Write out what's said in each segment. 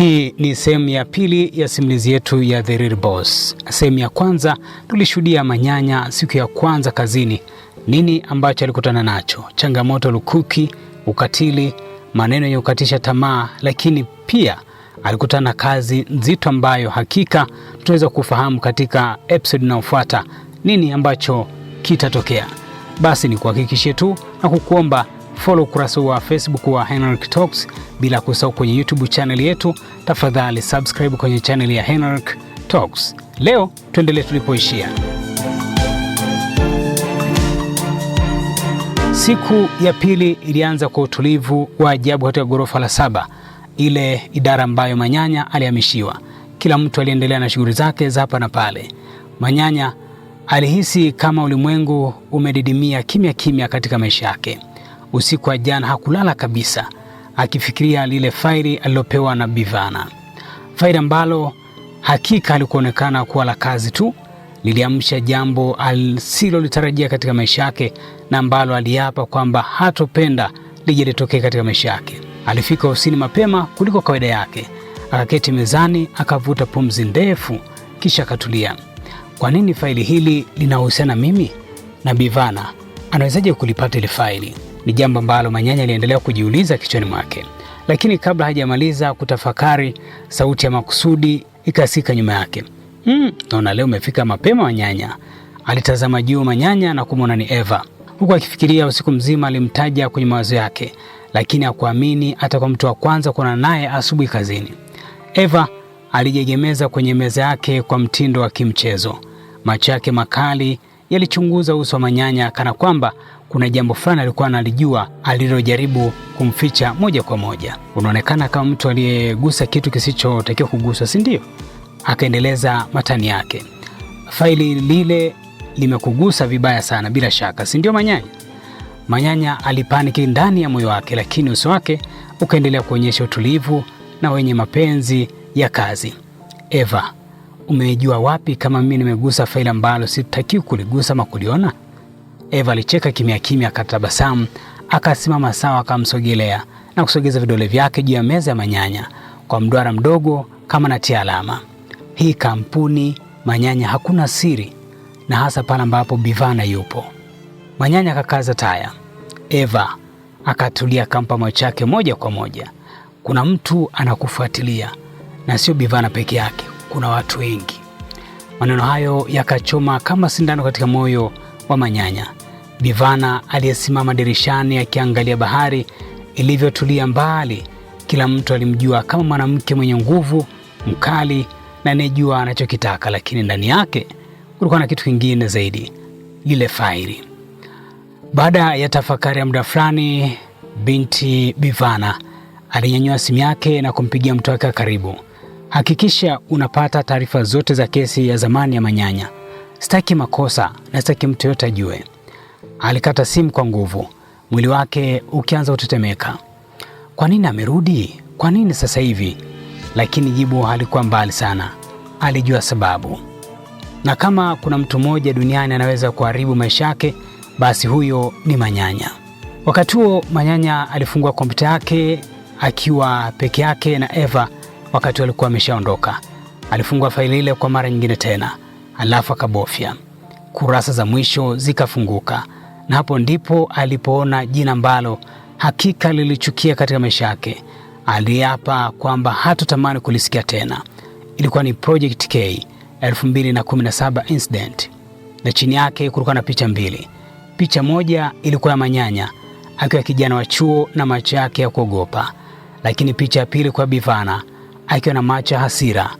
Hii ni sehemu ya pili ya simulizi yetu ya The Real Boss. Sehemu ya kwanza tulishuhudia Manyanya siku ya kwanza kazini, nini ambacho alikutana nacho, changamoto lukuki, ukatili, maneno yenye kukatisha tamaa, lakini pia alikutana kazi nzito ambayo hakika tutaweza kufahamu katika episode inayofuata nini ambacho kitatokea. Basi ni kuhakikishie tu na kukuomba follow ukurasa wa Facebook wa Henrik Talks, bila kusahau kwenye YouTube channel yetu. Tafadhali subscribe kwenye channel ya Henrik Talks. Leo tuendelee tulipoishia. Siku ya pili ilianza kwa utulivu wa ajabu katika ghorofa la saba, ile idara ambayo Manyanya alihamishiwa. Kila mtu aliendelea na shughuli zake za hapa na pale. Manyanya alihisi kama ulimwengu umedidimia kimya kimya katika maisha yake usiku wa jana hakulala kabisa, akifikiria lile faili alilopewa na Bivana, faili ambalo hakika alikuonekana kuwa la kazi tu, liliamsha jambo asilolitarajia katika maisha yake na ambalo aliapa kwamba hatopenda lije litokee katika maisha yake. Alifika ofisini mapema kuliko kawaida yake, akaketi mezani, akavuta pumzi ndefu, kisha akatulia. Kwa nini faili hili linahusiana mimi na Bivana? Anawezaje kulipata ile faili? ni jambo ambalo Manyanya aliendelea kujiuliza kichwani mwake, lakini kabla hajamaliza kutafakari, sauti ya makusudi ikasika nyuma yake. Mm, naona leo umefika mapema Manyanya. Alitazama juu Manyanya na kumwona ni Eva, huku akifikiria usiku mzima. Alimtaja kwenye mawazo yake, lakini hakuamini hata kwa mtu wa kwanza kuonana naye asubuhi kazini. Eva alijiegemeza kwenye meza yake kwa mtindo wa kimchezo, macho yake makali yalichunguza uso wa Manyanya kana kwamba kuna jambo fulani alikuwa analijua alilojaribu kumficha moja kwa moja. Unaonekana kama mtu aliyegusa kitu kisichotakiwa kuguswa, si ndio? Akaendeleza matani yake. Faili lile limekugusa vibaya sana bila shaka, si ndio Manyanya? Manyanya alipaniki ndani ya moyo wake, lakini uso wake ukaendelea kuonyesha utulivu na wenye mapenzi ya kazi. Eva umejua wapi kama mimi nimegusa faili ambalo sitakiwi kuligusa ama kuliona? Eva alicheka kimya kimya, akatabasamu, akasimama sawa, akamsogelea na kusogeza vidole vyake juu ya meza ya manyanya kwa mduara mdogo kama natia alama. Hii kampuni Manyanya hakuna siri, na hasa pale ambapo Bivana yupo. Manyanya akakaza taya, Eva akatulia, akampa macho yake moja kwa moja. Kuna mtu anakufuatilia na sio Bivana peke yake kuna watu wengi. Maneno hayo yakachoma kama sindano katika moyo wa Manyanya. Bivana aliyesimama dirishani akiangalia bahari ilivyotulia mbali, kila mtu alimjua kama mwanamke mwenye nguvu, mkali na anayejua anachokitaka, lakini ndani yake kulikuwa na kitu kingine zaidi, lile fairi. Baada ya tafakari ya muda fulani, binti Bivana alinyanyua simu yake na kumpigia mtu wake wa karibu. Hakikisha unapata taarifa zote za kesi ya zamani ya Manyanya. Sitaki makosa na sitaki mtu yote ajue. Alikata simu kwa nguvu, mwili wake ukianza kutetemeka. Kwa nini amerudi? Kwa nini sasa hivi? Lakini jibu halikuwa mbali sana. Alijua sababu, na kama kuna mtu mmoja duniani anaweza kuharibu maisha yake, basi huyo ni Manyanya. Wakati huo Manyanya alifungua kompyuta yake akiwa peke yake na Eva wakati walikuwa wameshaondoka. Alifungua faili ile kwa mara nyingine tena, alafu akabofya. Kurasa za mwisho zikafunguka, na hapo ndipo alipoona jina ambalo hakika lilichukia katika maisha yake. Aliapa kwamba hatotamani kulisikia tena. Ilikuwa ni Project K 2017 incident, na chini yake kulikuwa na picha mbili. Picha moja ilikuwa ya Manyanya akiwa kijana wa chuo na macho yake ya kuogopa, lakini picha ya pili kwa Bivana akiwa na macho ya hasira,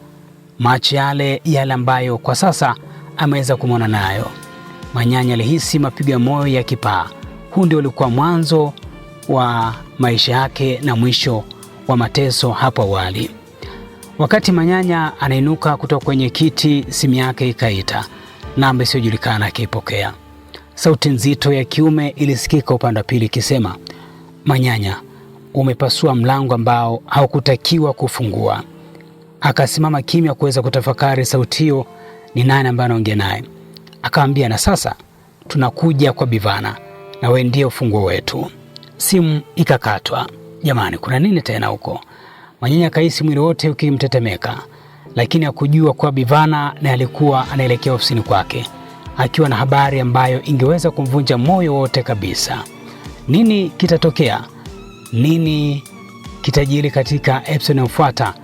macho yale yale ambayo kwa sasa ameweza kumwona nayo. Manyanya alihisi mapigo ya moyo ya kipaa. Huu ndio ulikuwa mwanzo wa maisha yake na mwisho wa mateso hapo awali. Wakati Manyanya anainuka kutoka kwenye kiti, simu yake ikaita, namba isiyojulikana akiipokea. Sauti nzito ya kiume ilisikika upande wa pili ikisema, Manyanya, umepasua mlango ambao haukutakiwa kufungua. Akasimama kimya kuweza kutafakari sauti hiyo, ni nani ambaye anaongea naye. Akaambia, na sasa tunakuja kwa Bivana na wewe ndiye ufunguo wetu. Simu ikakatwa. Jamani, kuna nini tena huko? Manyenye akahisi mwili wote ukimtetemeka, lakini hakujua kuwa Bivana na alikuwa anaelekea ofisini kwake akiwa na habari ambayo ingeweza kumvunja moyo wote kabisa. Nini kitatokea nini kitajiri katika episode inayofuata.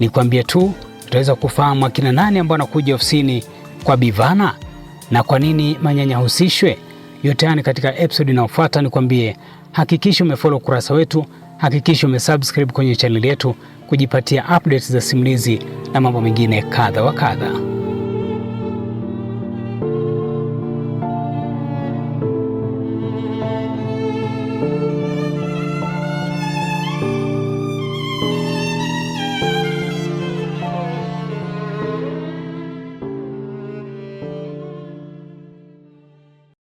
Ni kuambia tu tutaweza kufahamu akina nani ambao wanakuja ofisini kwa Bivana na kwa nini manyanya husishwe. Yote yani katika episode inayofuata. kuambie hakikisha umefollow kurasa wetu, hakikisha umesubscribe kwenye chaneli yetu kujipatia updates za simulizi na mambo mengine kadha wa kadha.